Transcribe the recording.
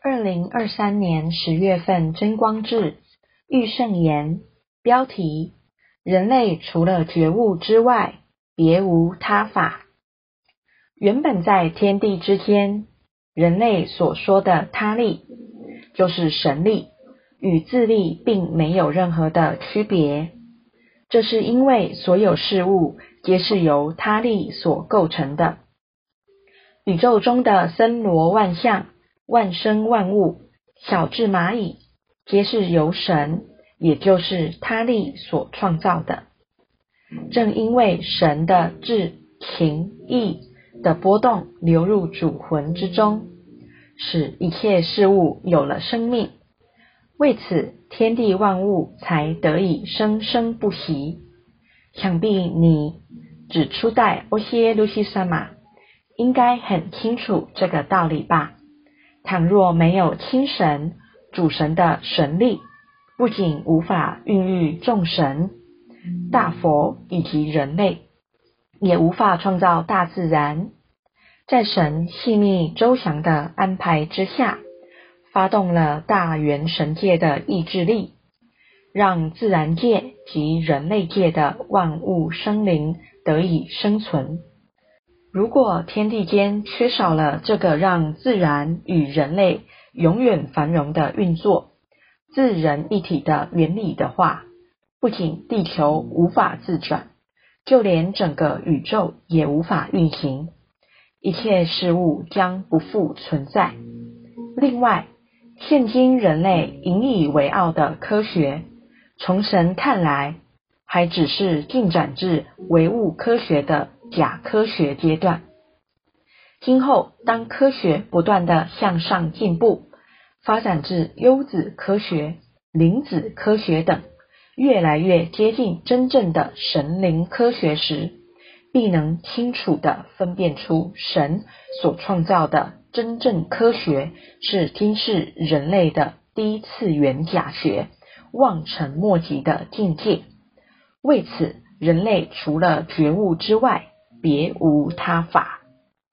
二零二三年十月份，真光誌，御聖言，標題：人類除了覺悟之外，別無他法。原本在天地之間，人類所說的他力，就是神力，與自力並沒有任何的區別。這是因為所有事物皆是由他力所構成的，宇宙中的森羅萬象。萬生萬物，小至螞蟻，皆是由神，也就是他力所創造的。正因為神的智、情、意的波動流入主魂之中，使一切事物有了生命，為此天地萬物才得以生生不息。想必你只初代歐西耶路西薩瑪，應該很清楚這個道理吧？倘若沒有親神主神的神力，不僅無法孕育眾神、大佛以及人類，也無法創造大自然。在神細膩周詳的安排之下，發動了大元神界的意志力，讓自然界及人類界的萬物生靈得以生存。如果天地間缺少了這個讓自然與人類永遠繁榮的運作，自然一體的原理的話，不僅地球無法自轉，就連整個宇宙也無法運行，一切事物將不復存在。另外，現今人類引以為傲的科學，從神看來，還只是進展至唯物科學的假科學階段，今後當科學不斷地向上進步，發展至優子科學、靈子科學等，越來越接近真正的神靈科學時，必能清楚地分辨出神所創造的真正科學，是今世人類的低次元假學，望塵莫及的境界。為此，人類除了覺悟之外，別無他法。